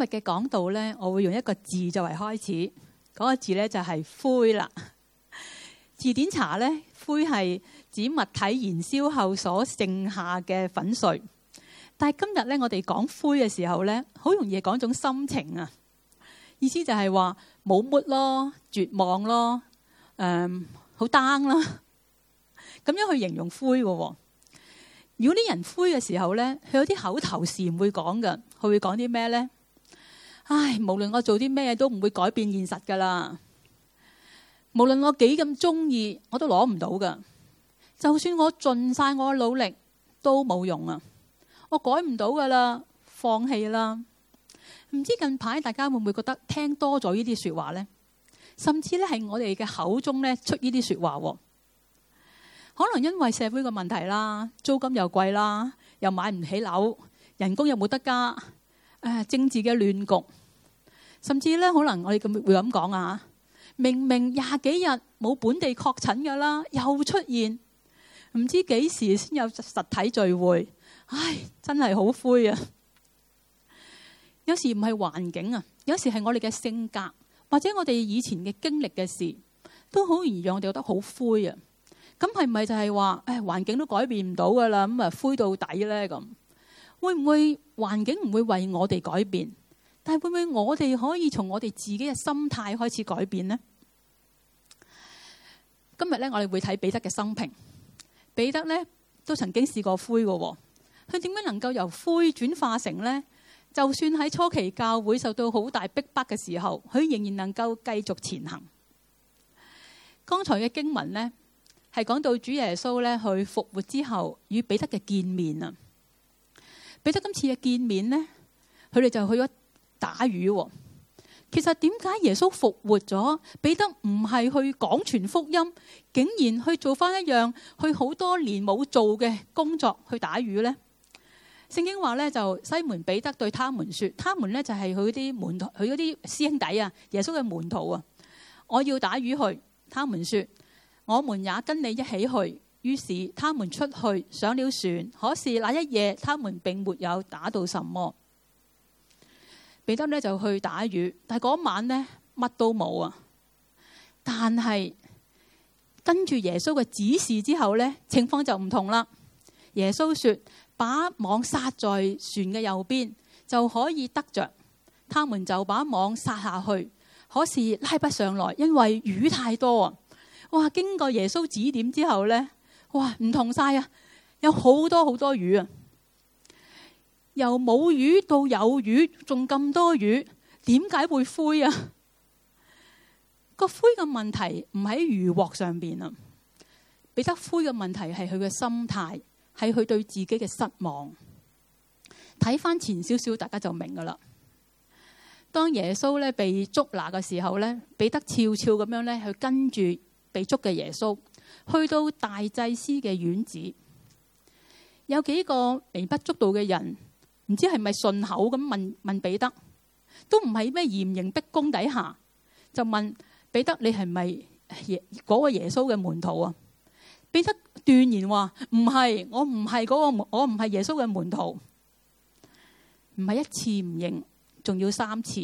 今日嘅講道咧，我會用一個字作為開始。嗰、那個字咧就係灰啦。字典查咧，灰係指物體燃燒後所剩下嘅粉碎。但係今日咧，我哋講灰嘅時候咧，好容易講種心情啊。意思就係話冇 mood 咯，絕望咯，誒、嗯，好 down 啦，咁樣去形容灰嘅。如果啲人灰嘅時候咧，佢有啲口頭禪會講嘅，佢會講啲咩咧？唉，無論我做啲咩都唔會改變現實噶啦。無論我幾咁中意，我都攞唔到噶。就算我盡晒我嘅努力都冇用啊！我改唔到噶啦，放棄啦。唔知近排大家會唔會覺得聽多咗呢啲說話呢？甚至咧係我哋嘅口中咧出呢啲說話。可能因為社會嘅問題啦，租金又貴啦，又買唔起樓，人工又冇得加，誒，政治嘅亂局。甚至咧，可能我哋咁會咁講啊！明明廿幾日冇本地確診噶啦，又出現，唔知幾時先有實體聚會。唉，真係好灰啊！有時唔係環境啊，有時係我哋嘅性格，或者我哋以前嘅經歷嘅事，都好容易讓我哋覺得好灰啊！咁係咪就係話，唉、哎，環境都改變唔到噶啦，咁啊灰到底咧咁？會唔會環境唔會為我哋改變？但係會唔會我哋可以從我哋自己嘅心態開始改變呢？今日呢，我哋會睇彼得嘅生平。彼得呢，都曾經試過灰嘅，佢點樣能夠由灰轉化成呢？就算喺初期教會受到好大逼迫嘅時候，佢仍然能夠繼續前行。剛才嘅經文呢，係講到主耶穌呢去復活之後與彼得嘅見面啊。彼得今次嘅見面呢，佢哋就去咗。打魚喎，其實點解耶穌復活咗，彼得唔係去廣傳福音，竟然去做翻一樣去好多年冇做嘅工作去打魚呢？聖經話呢，就西門彼得對他們說，他們呢，就係佢啲門徒，佢啲師兄弟啊，耶穌嘅門徒啊，我要打魚去。他們說，我們也跟你一起去。於是他們出去上了船，可是那一夜他們並沒有打到什麼。彼得呢就去打魚，但係嗰晚呢乜都冇啊。但係跟住耶穌嘅指示之後呢，情況就唔同啦。耶穌說：把網撒在船嘅右邊，就可以得着。他們就把網撒下去，可是拉不上來，因為魚太多啊！哇！經過耶穌指點之後呢，哇唔同晒啊，有好多好多魚啊！由冇魚到有魚，仲咁多魚，點解會灰啊？個灰嘅問題唔喺魚獲上邊啊！彼得灰嘅問題係佢嘅心態，係佢對自己嘅失望。睇翻前少少，大家就明噶啦。當耶穌呢被捉拿嘅時候呢，彼得悄悄咁樣呢去跟住被捉嘅耶穌，去到大祭司嘅院子，有幾個微不足道嘅人。唔知係咪順口咁問問彼得，都唔係咩嚴刑逼供底下，就問彼得，你係咪耶嗰個耶穌嘅門徒啊？彼得斷言話唔係，我唔係嗰個，我唔係耶穌嘅門徒。唔係一次唔認，仲要三次，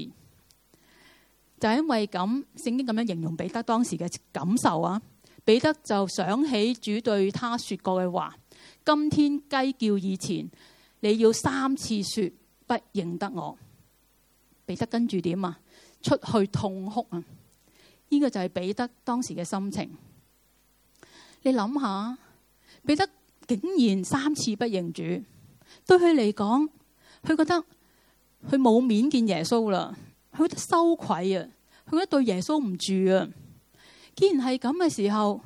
就因為咁聖經咁樣形容彼得當時嘅感受啊！彼得就想起主對他說過嘅話：今天雞叫以前。你要三次說不認得我，彼得跟住點啊？出去痛哭啊！呢、這個就係彼得當時嘅心情。你諗下，彼得竟然三次不認主，對佢嚟講，佢覺得佢冇面見耶穌啦，佢覺得羞愧啊，佢覺得對耶穌唔住啊，既然係咁嘅時候，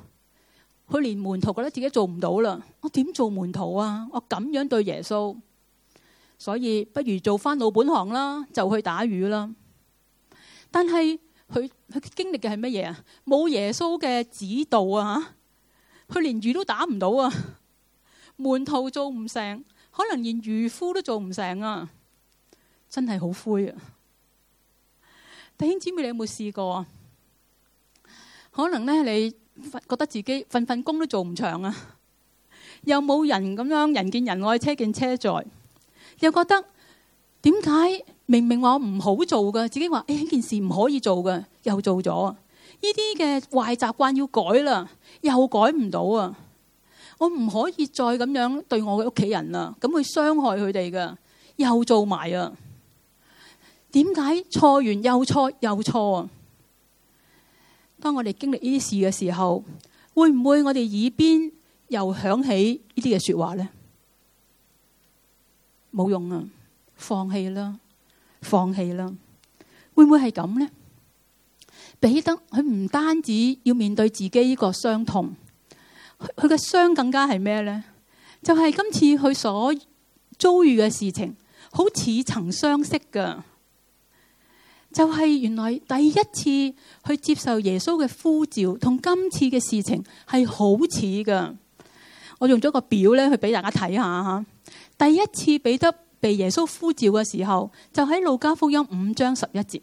佢連門徒覺得自己做唔到啦，我點做門徒啊？我咁樣對耶穌，所以不如做翻老本行啦，就去打魚啦。但係佢佢經歷嘅係乜嘢啊？冇耶穌嘅指導啊，吓，佢連魚都打唔到啊，門徒做唔成，可能連漁夫都做唔成啊，真係好灰啊！弟兄姊妹，你有冇試過啊？可能咧你。覺得自己份份工都做唔長啊，又冇人咁樣人見人愛車見車載，又覺得點解明明話我唔好做嘅，自己話誒呢件事唔可以做嘅，又做咗啊？呢啲嘅壞習慣要改啦，又改唔到啊！我唔可以再咁樣對我嘅屋企人啦，咁去傷害佢哋嘅，又做埋啊！點解錯完又錯又錯啊？當我哋經歷呢啲事嘅時候，會唔會我哋耳邊又響起呢啲嘅說話呢？冇用啊，放棄啦，放棄啦，會唔會係咁呢？彼得佢唔單止要面對自己呢個傷痛，佢佢嘅傷更加係咩呢？就係今次佢所遭遇嘅事情，好似曾相識噶。就係原來第一次去接受耶穌嘅呼召，同今次嘅事情係好似噶。我用咗個表咧，去俾大家睇下第一次彼得被耶穌呼召嘅時候，就喺路加福音五章十一節。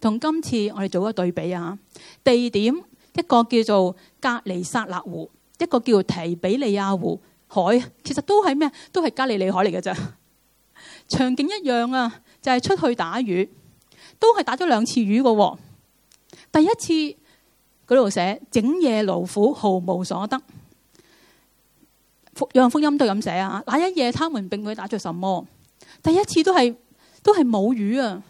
同今次我哋做個對比啊，地點一個叫做加利撒勒湖，一個叫提比利亞湖海，其實都係咩都係加利利海嚟嘅咋，場景一樣啊，就係、是、出去打魚。都係打咗兩次魚嘅喎，哦，第一次嗰度寫整夜勞苦毫無所得，約翰福音都咁寫啊！那一夜他們並未打著什麼，第一次都係都係冇魚啊。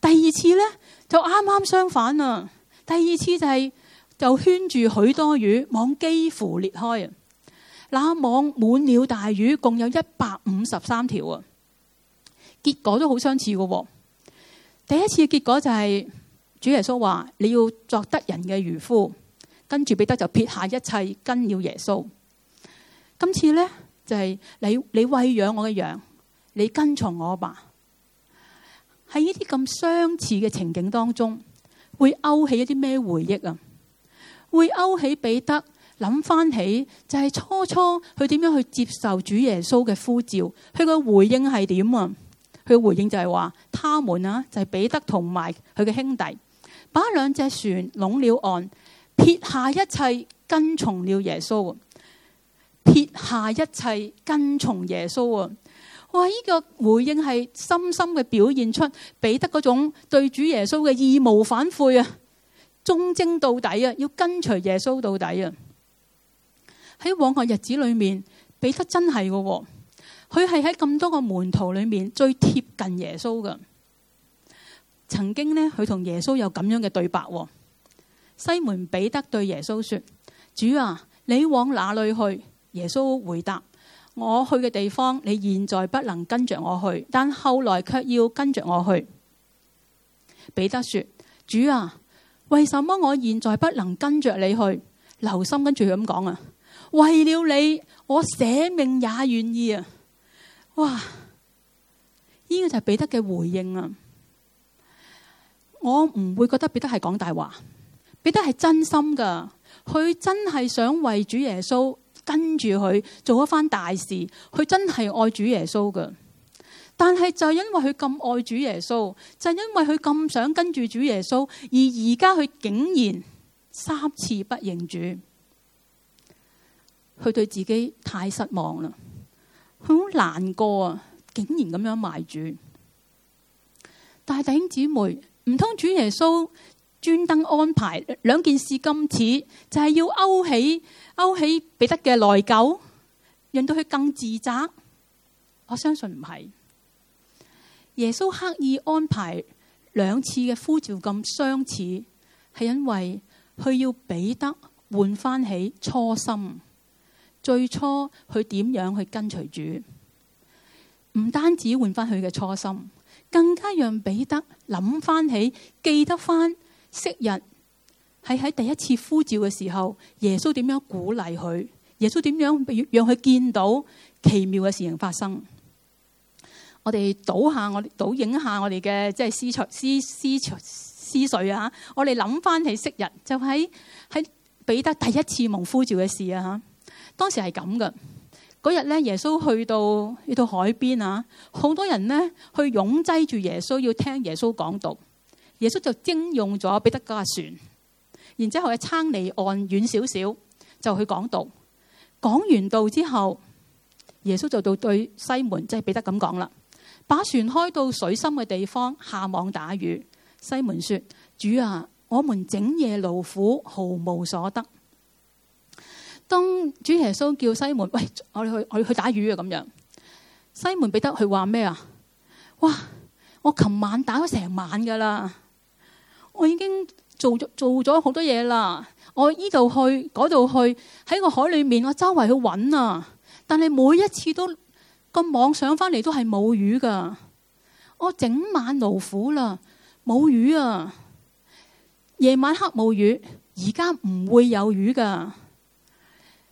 第二次呢，就啱啱相反啊，第二次就係、是、就圈住許多魚，網幾乎裂開啊！那網滿了大魚，共有一百五十三條啊，結果都好相似嘅喎，哦。第一次的結果就係主耶穌話你要作得人嘅漁夫，跟住彼得就撇下一切跟咗耶穌。今次呢，就係你，你喂養我嘅羊，你跟從我吧。喺呢啲咁相似嘅情景當中，會勾起一啲咩回憶啊？會勾起彼得諗翻起就係初初佢點樣去接受主耶穌嘅呼召，佢嘅回應係點啊？佢回應就係話：，他們啊，就係、是、彼得同埋佢嘅兄弟，把兩隻船攏了岸，撇下一切跟從了耶穌。撇下一切跟從耶穌啊！哇，呢、這個回應係深深嘅表現出彼得嗰種對主耶穌嘅義無反悔啊，忠貞到底啊，要跟隨耶穌到底啊！喺往日日子裏面，彼得真係嘅。佢係喺咁多個門徒裏面最貼近耶穌㗎。曾經呢，佢同耶穌有咁樣嘅對白。西門彼得對耶穌說：，主啊，你往哪裏去？耶穌回答：，我去嘅地方，你現在不能跟着我去，但後來卻要跟着我去。彼得說：，主啊，為什麼我現在不能跟着你去？留心跟住佢咁講啊，為了你，我捨命也願意啊！哇！呢、這個就係彼得嘅回應啊！我唔會覺得彼得係講大話，彼得係真心噶，佢真係想為主耶穌跟住佢做一番大事，佢真係愛主耶穌噶。但係就因為佢咁愛主耶穌，就係、因為佢咁想跟住主耶穌，而而家佢竟然三次不認主，佢對自己太失望啦。好難過啊！竟然咁樣賣主。大弟兄姊妹，唔通主耶穌專登安排兩件事咁似，就係要勾起勾起彼得嘅內疚，引到佢更自責。我相信唔係，耶穌刻意安排兩次嘅呼召，咁相似，係因為佢要彼得換翻起初心。最初佢點樣去跟隨主？唔單止換翻佢嘅初心，更加讓彼得諗翻起，記得翻昔日係喺第一次呼召嘅時候，耶穌點樣鼓勵佢？耶穌點樣讓佢見到奇妙嘅事情發生？我哋倒，下我，倒下我哋倒影下我哋嘅即係思潮思思思水啊！我哋諗翻起昔日就喺、喺、喺彼得第一次蒙呼召嘅事啊！吓。當時係咁嘅，嗰日咧，耶穌去到去到海邊啊，好多人呢去擁擠住耶穌，要聽耶穌講道。耶穌就徵用咗彼得架船，然之後喺撐離岸遠少少，就去講道。講完道之後，耶穌就到對西門，即係彼得咁講啦：，把船開到水深嘅地方下網打魚。西門説：主啊，我們整夜勞苦，毫無所得。當主耶穌叫西門，喂，我哋去，我哋去打魚啊，咁樣。西門彼得佢話咩啊？哇！我琴晚打咗成晚噶啦，我已經做咗做咗好多嘢啦。我依度去，嗰度去，喺個海裏面，我周圍去搵啊。但係每一次都個網上翻嚟都係冇魚噶。我整晚勞苦啦，冇魚啊！夜晚黑冇魚，而家唔會有魚噶。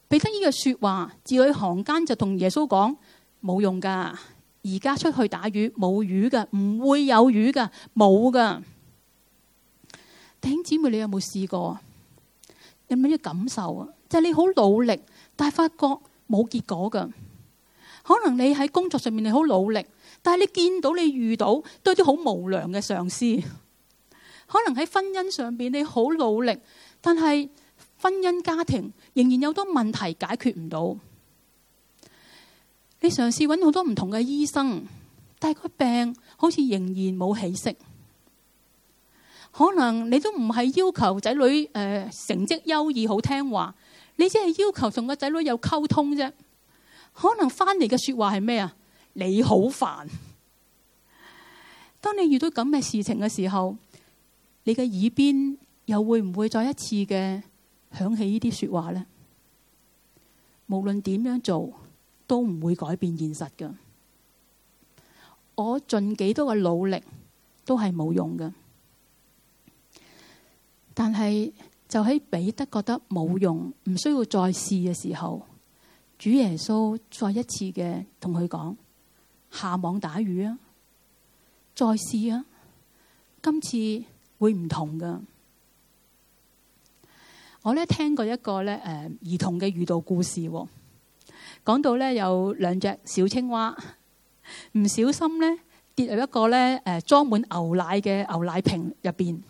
彼得呢句說話字裏行間就同耶穌講冇用噶，而家出去打魚冇魚㗎，唔會有魚㗎，冇噶。弟兄姊妹，你有冇試過？有咩嘢感受啊？就係你好努力，但係發覺冇結果㗎。可能你喺工作上面你好努力，但係你見到你遇到都係啲好無良嘅上司。可能喺婚姻上邊你好努力，但係。婚姻家庭仍然有好多問題解決唔到，你嘗試揾好多唔同嘅醫生，但係個病好似仍然冇起色。可能你都唔係要求仔女誒、呃、成績優異好聽話，你只係要求同個仔女有溝通啫。可能翻嚟嘅說話係咩啊？你好煩。當你遇到咁嘅事情嘅時候，你嘅耳邊又會唔會再一次嘅？響起呢啲說話呢，無論點樣做都唔會改變現實噶。我盡幾多嘅努力都係冇用噶，但係就喺彼得覺得冇用、唔需要再試嘅時候，主耶穌再一次嘅同佢講：下網打魚啊，再試啊，今次會唔同噶。我咧聽過一個咧誒兒童嘅遇到故事，講到咧有兩隻小青蛙，唔小心咧跌入一個咧誒裝滿牛奶嘅牛奶瓶入邊。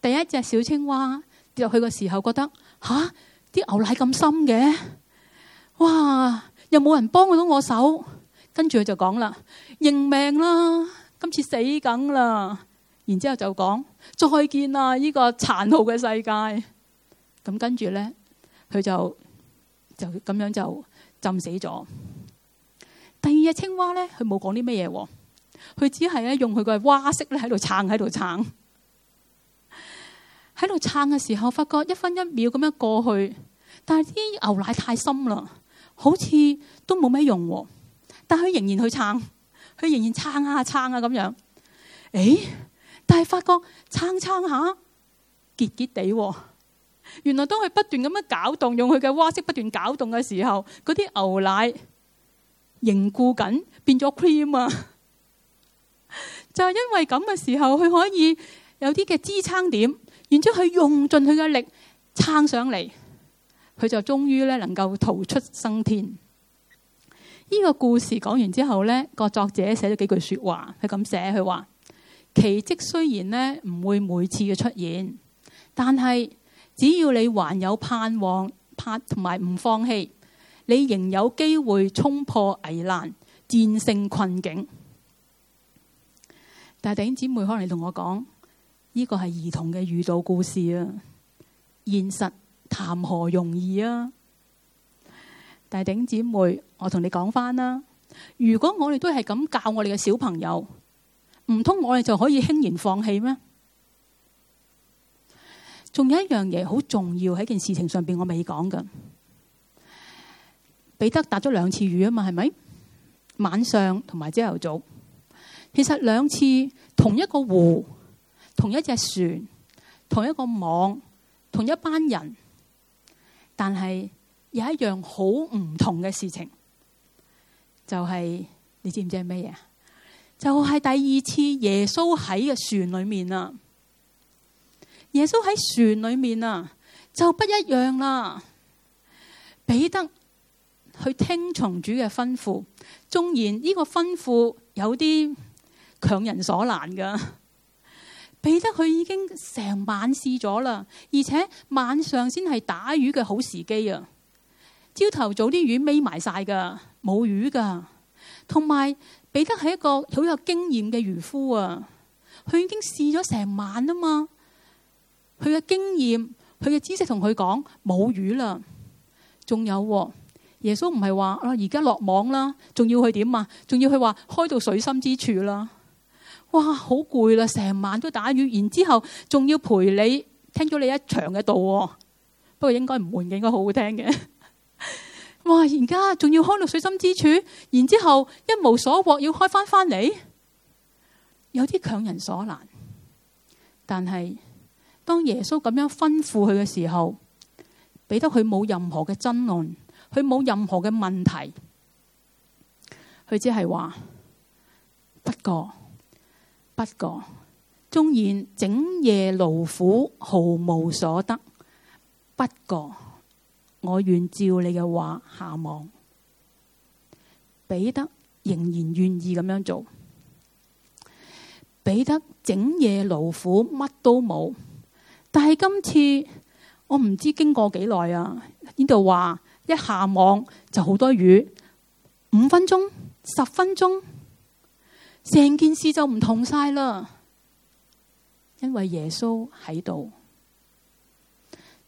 第一隻小青蛙跌落去嘅時候，覺得吓，啲、啊、牛奶咁深嘅，哇！又冇人幫到我手，跟住佢就講啦，認命啦，今次死梗啦。然之後就講再見啦！呢個殘酷嘅世界。咁跟住咧，佢就就咁樣就浸死咗。第二隻青蛙咧，佢冇講啲乜嘢，佢只係咧用佢個蛙式咧喺度撐，喺度撐，喺度撐嘅時候，發覺一分一秒咁樣過去，但係啲牛奶太深啦，好似都冇咩用。但係佢仍然去撐，佢仍然撐啊撐啊咁樣。誒？就係發覺撐撐下結結地，原來當佢不斷咁樣攪動，用佢嘅蛙式不斷攪動嘅時候，嗰啲牛奶凝固緊，變咗 cream 啊！就係因為咁嘅時候，佢可以有啲嘅支撐點，然之後佢用盡佢嘅力撐上嚟，佢就終於咧能夠逃出生天。呢個故事講完之後咧，呢個作者寫咗幾句說話，佢咁寫，佢話。奇蹟雖然呢唔會每次嘅出現，但係只要你還有盼望，盼同埋唔放棄，你仍有機會衝破危難，戰勝困境。但係頂姊妹，可能你同我講，呢個係兒童嘅遇到故事啊，現實談何容易啊！但係頂姊妹，我同你講翻啦，如果我哋都係咁教我哋嘅小朋友。唔通我哋就可以輕言放棄咩？仲有一樣嘢好重要喺件事情上邊，我未講嘅。彼得打咗兩次魚啊嘛，係咪？晚上同埋朝頭早，其實兩次同一個湖、同一隻船、同一個網、同一班人，但係有一樣好唔同嘅事情，就係、是、你知唔知係咩嘢？就係第二次耶穌喺嘅船裏面啦，耶穌喺船裏面啊，就不一樣啦。彼得去聽從主嘅吩咐，縱然呢個吩咐有啲強人所難噶，彼得佢已經成晚試咗啦，而且晚上先係打魚嘅好時機啊，朝頭早啲魚匿埋晒噶，冇魚噶，同埋。彼得係一個好有經驗嘅漁夫啊，佢已經試咗成晚啦嘛，佢嘅經驗、佢嘅知識同佢講冇魚啦。仲有耶穌唔係話啊，而家落網啦，仲要去點啊？仲要去話開到水深之處啦。哇，好攰啦，成晚都打魚，然之後仲要陪你聽咗你一場嘅道。不過應該唔悶嘅，應該好好聽嘅。哇！而家仲要開到水深之處，然之後一無所獲，要開翻翻嚟，有啲強人所難。但係當耶穌咁樣吩咐佢嘅時候，俾得佢冇任何嘅爭論，佢冇任何嘅問題，佢只係話：不過，不過，縱然整夜勞苦，毫無所得，不過。我願照你嘅話下網，彼得仍然願意咁樣做。彼得整夜勞苦，乜都冇，但係今次我唔知經過幾耐啊？呢度話一下網就好多魚，五分鐘、十分鐘，成件事就唔同晒啦，因為耶穌喺度。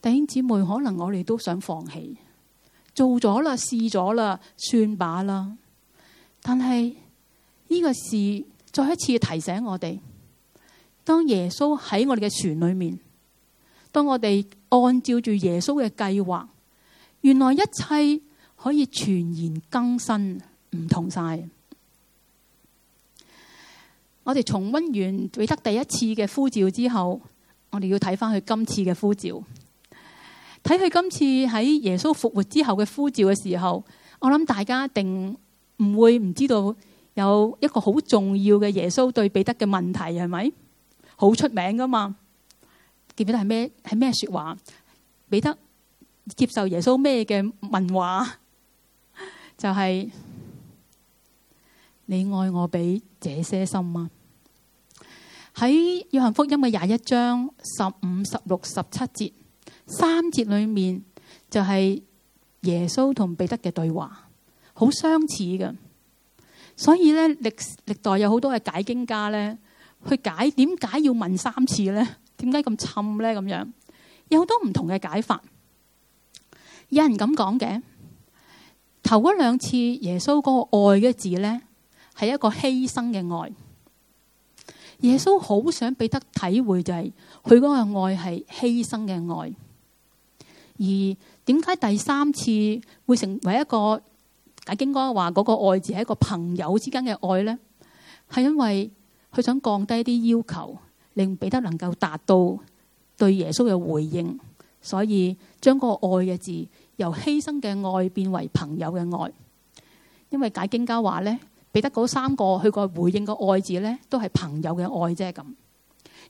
弟兄姊妹，可能我哋都想放棄，做咗啦，試咗啦，算吧啦。但係呢個事再一次提醒我哋，當耶穌喺我哋嘅船裏面，當我哋按照住耶穌嘅計劃，原來一切可以全然更新，唔同晒。我哋重溫完彼得第一次嘅呼召之後，我哋要睇翻佢今次嘅呼召。睇佢今次喺耶穌復活之後嘅呼召嘅時候，我諗大家一定唔會唔知道有一個好重要嘅耶穌對彼得嘅問題，係咪好出名噶嘛？記唔記得係咩係咩說話？彼得接受耶穌咩嘅問話？就係你愛我比這些深嗎？喺約翰福音嘅廿一章十五、十六、十七節。三節裏面就係、是、耶穌同彼得嘅對話，好相似嘅。所以咧歷歷代有好多嘅解經家咧，去解點解要問三次咧？點解咁沉咧？咁樣有好多唔同嘅解法。有人咁講嘅，頭嗰兩次耶穌嗰、那個愛嘅字咧，係一個犧牲嘅愛。耶穌好想彼得體會就係佢嗰個愛係犧牲嘅愛。而點解第三次會成為一個解經家話嗰個愛字係一個朋友之間嘅愛呢？係因為佢想降低啲要求，令彼得能夠達到對耶穌嘅回應，所以將個愛嘅字由犧牲嘅愛變為朋友嘅愛。因為解經家話呢，彼得嗰三個去過回應個愛字呢，都係朋友嘅愛啫咁。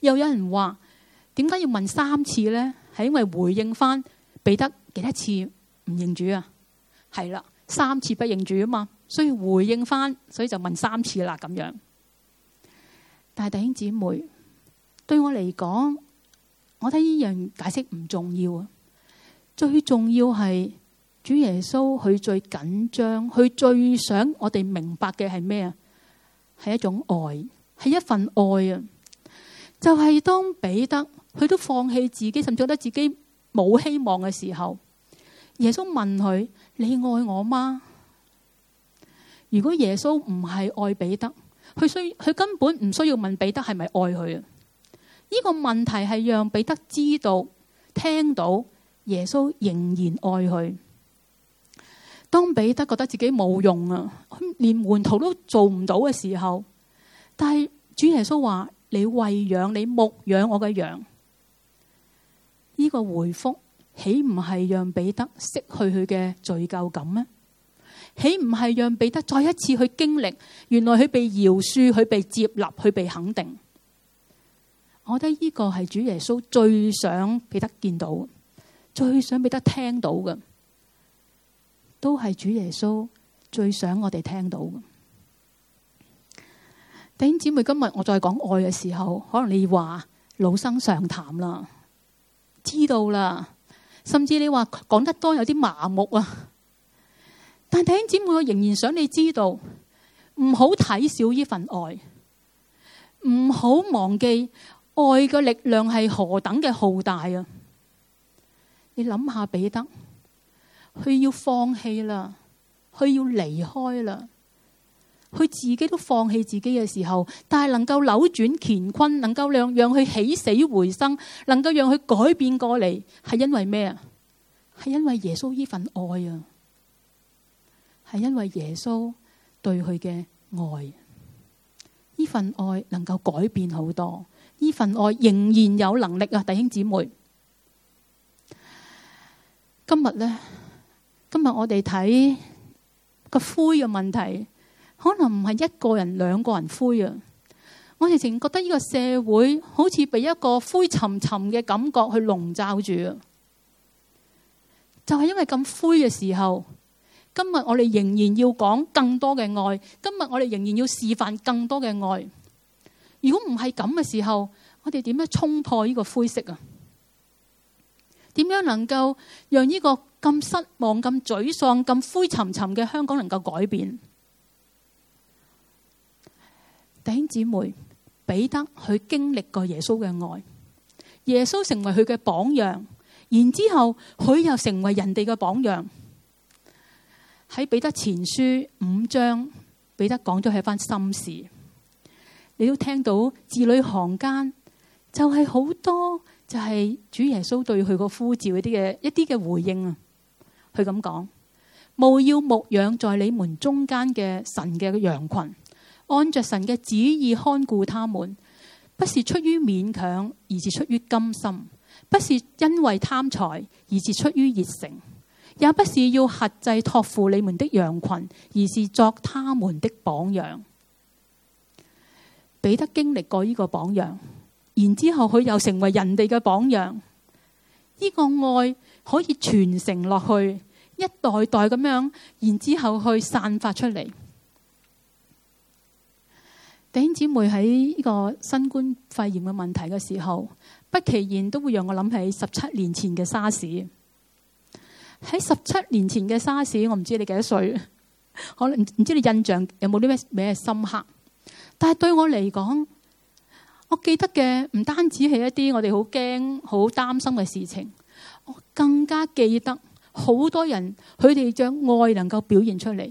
又有人話點解要問三次呢？係因為回應返。彼得幾多次唔認主啊？係啦，三次不認主啊嘛，所以回應翻，所以就問三次啦咁樣。但係弟兄姊妹，對我嚟講，我睇呢樣解釋唔重要啊。最重要係主耶穌，佢最緊張，佢最想我哋明白嘅係咩啊？係一種愛，係一份愛啊！就係當彼得，佢都放棄自己，甚至覺得自己。冇希望嘅時候，耶穌問佢：你愛我嗎？如果耶穌唔係愛彼得，佢需佢根本唔需要問彼得係咪愛佢啊！呢、這個問題係讓彼得知道、聽到耶穌仍然愛佢。當彼得覺得自己冇用啊，連門徒都做唔到嘅時候，但係主耶穌話：你餵養你牧養我嘅羊。呢個回復豈唔係讓彼得失去佢嘅罪疚感咩？豈唔係讓彼得再一次去經歷，原來佢被饒恕，佢被接納，佢被肯定？我覺得呢個係主耶穌最想彼得見到，最想彼得聽到嘅，都係主耶穌最想我哋聽到嘅。弟兄姊妹，今日我再講愛嘅時候，可能你話老生常談啦。知道啦，甚至你話講得多有啲麻木啊，但弟兄姊妹，我仍然想你知道，唔好睇小呢份愛，唔好忘記愛嘅力量係何等嘅浩大啊！你諗下彼得，佢要放棄啦，佢要離開啦。佢自己都放棄自己嘅時候，但係能夠扭轉乾坤，能夠讓讓佢起死回生，能夠讓佢改變過嚟，係因為咩啊？係因為耶穌呢份愛啊，係因為耶穌對佢嘅愛，呢份愛能夠改變好多，呢份愛仍然有能力啊！弟兄姊妹，今日呢，今日我哋睇個灰嘅問題。可能唔係一個人、兩個人灰啊。我以前覺得呢個社會好似被一個灰沉沉嘅感覺去籠罩住。就係因為咁灰嘅時候，今日我哋仍然要講更多嘅愛，今日我哋仍然要示範更多嘅愛。如果唔係咁嘅時候，我哋點樣衝破呢個灰色啊？點樣能夠讓呢個咁失望、咁沮喪、咁灰沉沉嘅香港能夠改變？弟兄姊妹，彼得佢經歷過耶穌嘅愛，耶穌成為佢嘅榜樣，然之後佢又成為人哋嘅榜樣。喺彼得前書五章，彼得講咗係一番心事，你都聽到字裏行間就係好多就係主耶穌對佢個呼召一啲嘅一啲嘅回應啊。佢咁講，務要牧養在你們中間嘅神嘅羊群。按着神嘅旨意看顧他們，不是出於勉強，而是出於甘心；不是因為貪財，而是出於熱誠；也不是要轄制託付你們的羊群，而是作他們的榜樣。彼得經歷過呢個榜樣，然之後佢又成為人哋嘅榜樣。呢個愛可以傳承落去，一代代咁樣，然之後去散發出嚟。弟兄姊妹，喺呢個新冠肺炎嘅問題嘅時候，不其然都會讓我諗起十七年前嘅沙士。喺十七年前嘅沙士，我唔知你幾多歲，可能唔知你印象有冇啲咩咩深刻。但係對我嚟講，我記得嘅唔單止係一啲我哋好驚、好擔心嘅事情，我更加記得好多人佢哋將愛能夠表現出嚟。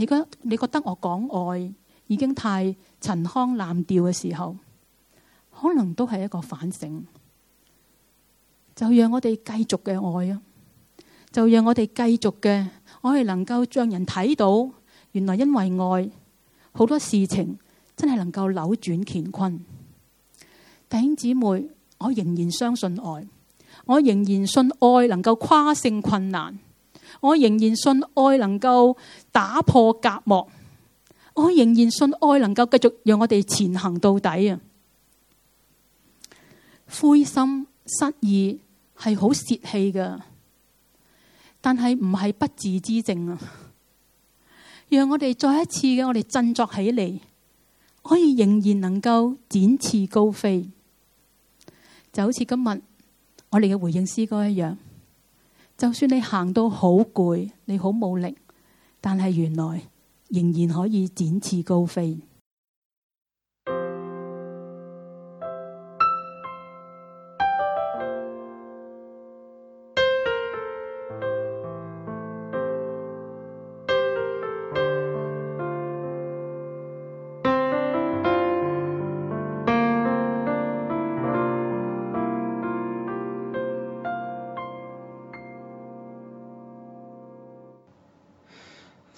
你覺得你覺得我講愛已經太陳腔濫調嘅時候，可能都係一個反省。就讓我哋繼續嘅愛啊，就讓我哋繼續嘅，我係能夠將人睇到，原來因為愛好多事情真係能夠扭轉乾坤。弟兄姊妹，我仍然相信愛，我仍然信愛能夠跨性困難。我仍然信愛能夠打破隔膜，我仍然信愛能夠繼續讓我哋前行到底啊！灰心失意係好泄氣㗎，但係唔係不治之症啊！讓我哋再一次嘅，我哋振作起嚟，可以仍然能夠展翅高飛，就好似今日我哋嘅回應詩歌一樣。就算你行到好攰，你好冇力，但係原來仍然可以展翅高飛。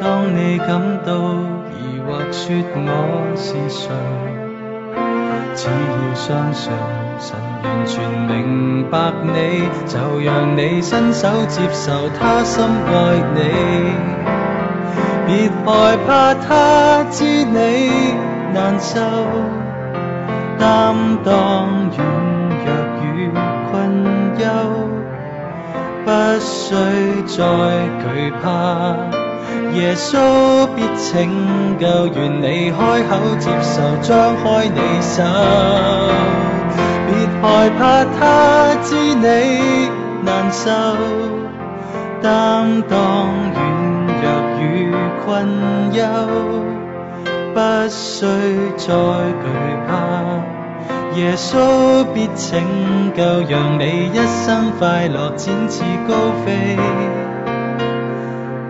當你感到疑惑，說我是誰，只要相信神完全明白你，就讓你伸手接受他心愛你。別害怕他知你難受，擔當軟弱與困憂，不需再懼怕。耶穌必拯救，願你開口接受，張開你手，別害怕他知你難受，擔當軟弱與困憂，不需再懼怕。耶穌必拯救，讓你一生快樂展翅高飛。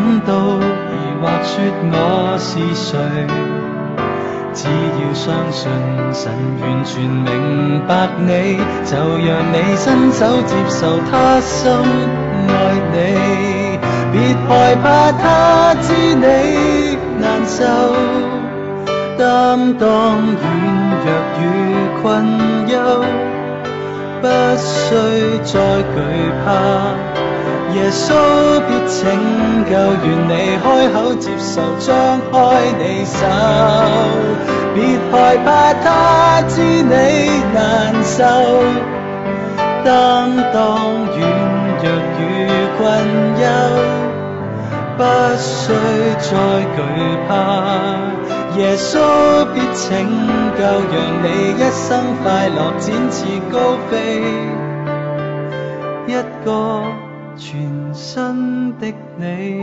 感到，而或說我是誰？只要相信神完全明白你，就讓你伸手接受他心愛你。別害怕他知你難受，擔當軟弱與困憂，不需再懼怕。耶穌必拯救，願你開口接受，張開你手，別害怕他知你難受，擔當軟弱與困憂，不需再懼怕。耶穌必拯救，讓你一生快樂展翅高飛，一個。全身的你，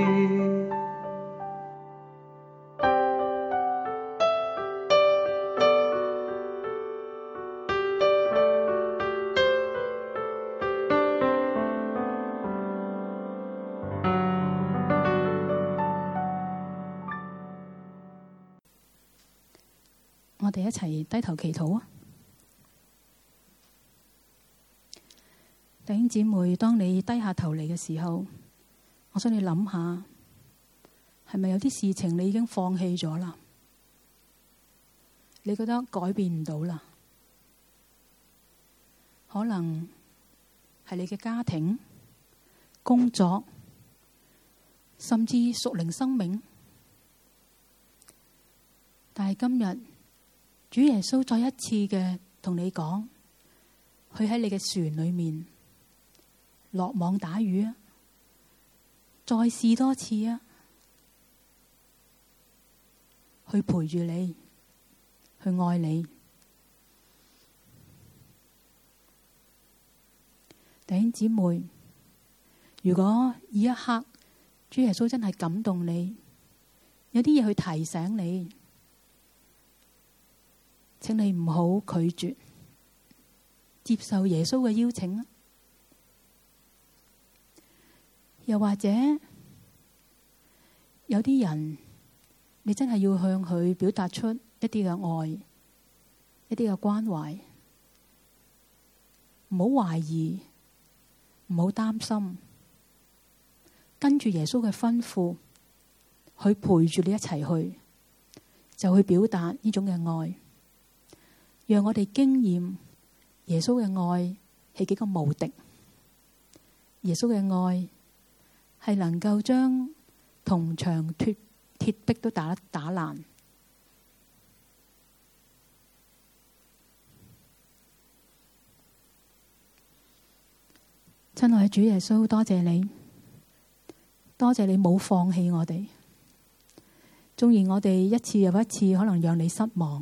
我哋一齊低頭祈禱啊！弟兄姊妹，當你低下頭嚟嘅時候，我想你諗下，係咪有啲事情你已經放棄咗啦？你覺得改變唔到啦？可能係你嘅家庭、工作，甚至屬靈生命。但係今日主耶穌再一次嘅同你講，佢喺你嘅船裏面。落網打魚啊！再試多次啊！去陪住你，去愛你，弟兄姊妹。如果呢一刻，主耶穌真係感動你，有啲嘢，去提醒你，請你唔好拒絕接受耶穌嘅邀請啊！又或者有啲人，你真係要向佢表達出一啲嘅愛，一啲嘅關懷，唔好懷疑，唔好擔心，跟住耶穌嘅吩咐，去陪住你一齊去，就去表達呢種嘅愛，讓我哋經驗耶穌嘅愛係幾個無敵，耶穌嘅愛。係能夠將銅牆鐵壁都打爛，親愛嘅主耶穌，多謝你，多謝你冇放棄我哋。縱然我哋一次又一次可能讓你失望，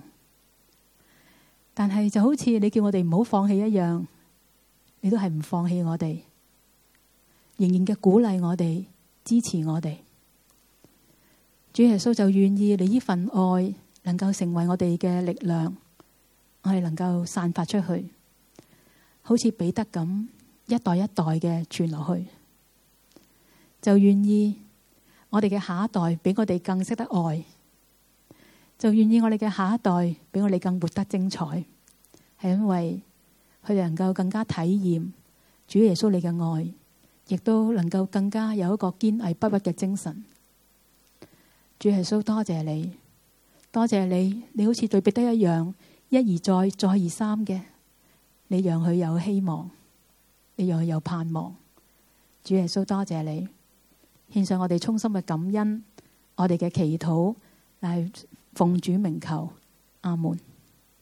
但係就好似你叫我哋唔好放棄一樣，你都係唔放棄我哋。仍然嘅鼓勵我哋，支持我哋。主耶穌就願意你呢份愛能夠成為我哋嘅力量，我哋能夠散發出去，好似彼得咁一代一代嘅傳落去，就願意我哋嘅下一代比我哋更識得愛，就願意我哋嘅下一代比我哋更活得精彩，係因為佢哋能夠更加體驗主耶穌你嘅愛。亦都能夠更加有一個堅毅不屈嘅精神。主耶穌，多謝你，多謝你。你好似對彼得一樣，一而再，再而三嘅，你讓佢有希望，你讓佢有盼望。主耶穌，多謝你，獻上我哋衷心嘅感恩，我哋嘅祈禱，嚟奉主名求。阿門。